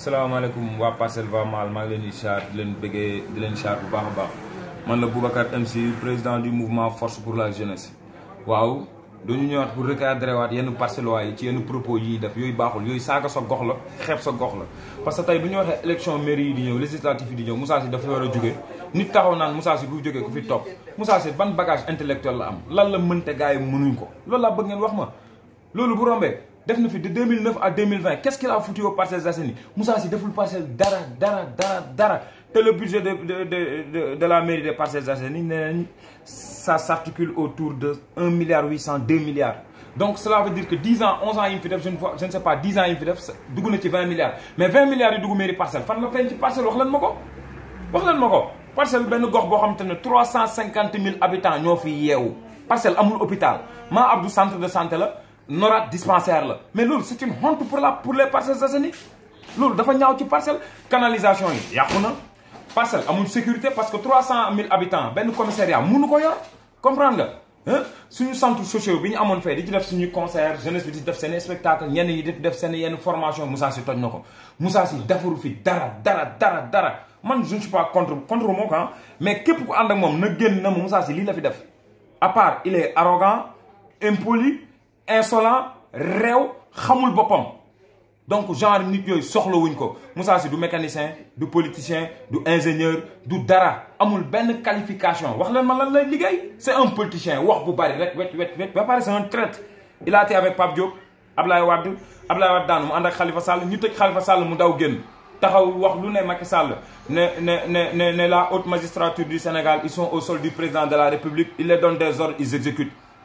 salaamaaleykum waa Parcelles va mal maa ngi leen di di leen bëggee di leen char bu baax a baax man la Boubacar MC président du mouvement force pour la jeunesse waaw dañu ñëwaat pour recadrer waat yenn parcellois yi ci yenn propos yi def yooyu baaxul yooyu saaga sa gox la xeeb sa gox la parce que tey bu ñu waxee élection mairie yi di ñëw législative yi di ñëw Moussa Sy dafa war a jóge nit taxaw naan Moussa Sy bu jógee ku fi topp Moussa Sy ban bagage intellectuel la am la mënte gars yi ko loolu laa bëgg ngeen wax ma loolu bu rombee def na fi de 2009 à 2020 qu'est-ce qu'il a foutu aux Parcelles Assainies Moussa Sy deful parcelle dara dara dara te le budget de de de de la mairie des Parcelles Assainies nee nañ ça s'articule autour de 1 milliard donc cela veut dire que 10 ans 11 ans yi fi def je ne je ne sais pas 10 ans yi mu fi def dugg na ci 20 milliards mais 20 milliards yi dugg mairie fan la feeñ ci parcelle wax lan ma wax lan ma ko parcelle benn gox boo xam te ne 350 000 habitants ñoo fi yeewu parcelle hôpital maa Abdou centre de santé la. noraat dispensaire la mais loolu c' est une honte pour la pour les Parcelles Assainies loolu dafa ñaaw ci parcelle canalisation yi yàqu na parcelle amul sécurité parce que 300000 habitants benn commissariat mënu ko yor comprendre nga suñu centre sociaux bi ñu amoon fee di ci def suñu concert jeunesse bi di def seen spectacle ñenn ñi di def seen yenn formation Moussa Sy toj na ko Moussa Sy defaru fi dara dara dara dara man je ne suis pas mais képp ku ànd ak moom na na ma Moussa la fi def insolent réew xamul boppam donc genre nit yooyu soxlawuñ ko Moussa Sy du mécanicien du politicien du ingénieur du dara amul benn qualification wax leen man lan lay liggéey c'est un politicien wax bu bari rek wet wet wet ba pare c'est un traître il a été avec Pape Diop Ablaye Wade Ablaye Wade daanu mu ànd ak Khalifa Sall ñu tëj Khalifa Sall mu daw génn taxaw wax lu ne Macky Sall ne ne ne ne ne la haute magistrature du Sénégal ils sont au sol du président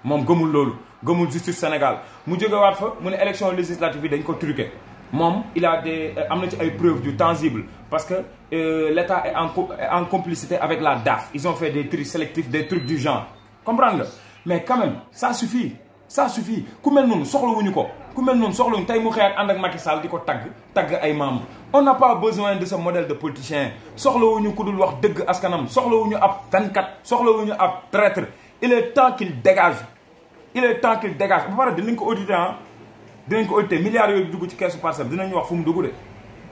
moom gëmul loolu gëmul justice Sénégal mu waat fa mu ne élection législative yi dañ ko truqué moom il a des euh, am na ci ay preuves du tangible parce que euh, l'État est en en complicité avec la DAF ils ont fait des tris sélectifs des trucs du genre comprendre nga mais quand même ça suffit ça suffit ku mel noonu soxlawuñu ko ku mel noonu soxlawuñu tey mu xeer ak ànd ak Macky Sall di ko tagg tagg ay membres on n'a pas besoin de ce modèle de politicien soxlawuñu ku dul wax dëgg askanam soxlawuñu ab fenkat soxlawuñu ab traître il est temps qu'il il est temps qu'il dégage ba pare dinañ ko auditer ah dinañ ko auditer milliards yooyu dugg ci keesu Parcelles dinañ wax fu mu de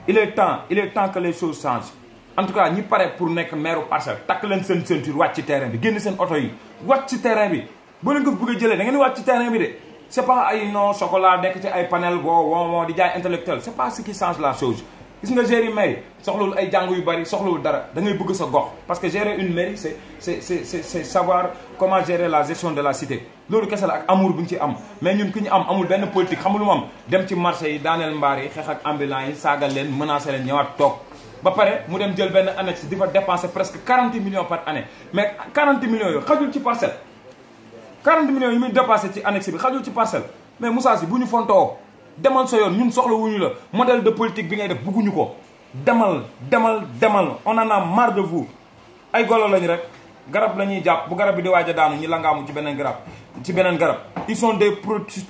il est temps il est temps que les choses changent en tout cas ñi pare pour nekk maire Parcelles takk leen seen ceinture wàcc ci terrain bi génn seen oto yi wàcc ci terrain bi boo jëlee da ngeen wàcc ci terrain bi de c'est pas ay non chocolat nekk ci ay panel boo woo di jaay intellectuel c'est pas ce qui change la chose gis nga gérer mairie soxlawul ay jàng yu bari soxlawul dara da ngay bëgg sa gox parce que gérer une mairie c'est c'est c'est c'est savoir comment gérer la gestion de la cité loolu kese la ak amour bu ñu ci am mais ñun ku ñu am amul benn politique xamul lu mu am dem ci marché yi daaneel mbaar yi xeex ak ambulants yi saagal leen menacer leen ñëwaat toog ba pare mu dem jël benn annexe di fa dépenser presque 40 millions par année mais 40 millions yooyu xajul ci parcelle 40 millions yi muy dépassé ci annexe bi ci parcelle mais Moussa si bu ñu fontoo demal sa yoon ñun soxlawuñu la modèle de politique bi ngay def bugguñu ko demal demal demal on en a marre de vous ay golo lañ rek garab la ñuy jàpp bu garab bi di waaj daanu ñi la ngaamu ci beneen garab ci beneen garab ils sont des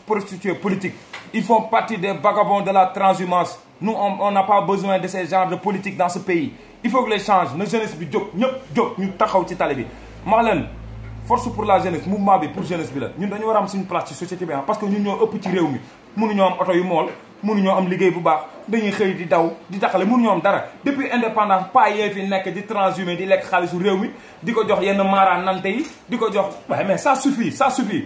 prostituées politiques ils font partie des vagabonds de la transhumance nous on n'a pas besoin de genres de politique dans ce pays il faut que les change na jeunesse bi jóg ñëpp jóg ñu taxaw ci tali bi max leen force pour la jeunesse mouvement bi pour jeunesse bi la ñun dañu war am suñu place ci société bi ah parce que ñun ñoo ëpp ci réew mi mënuñoo am oto yu mool mënuñoo am liggéey bu baax dañuy xëy di daw di taxale mënuñoo am dara depuis indépendance pas yee fi nekk di transhumé di lekk xaalisu réew mi di ko jox yenn maaraan nante yi di ko jox waaye mais ça suffit ça suffit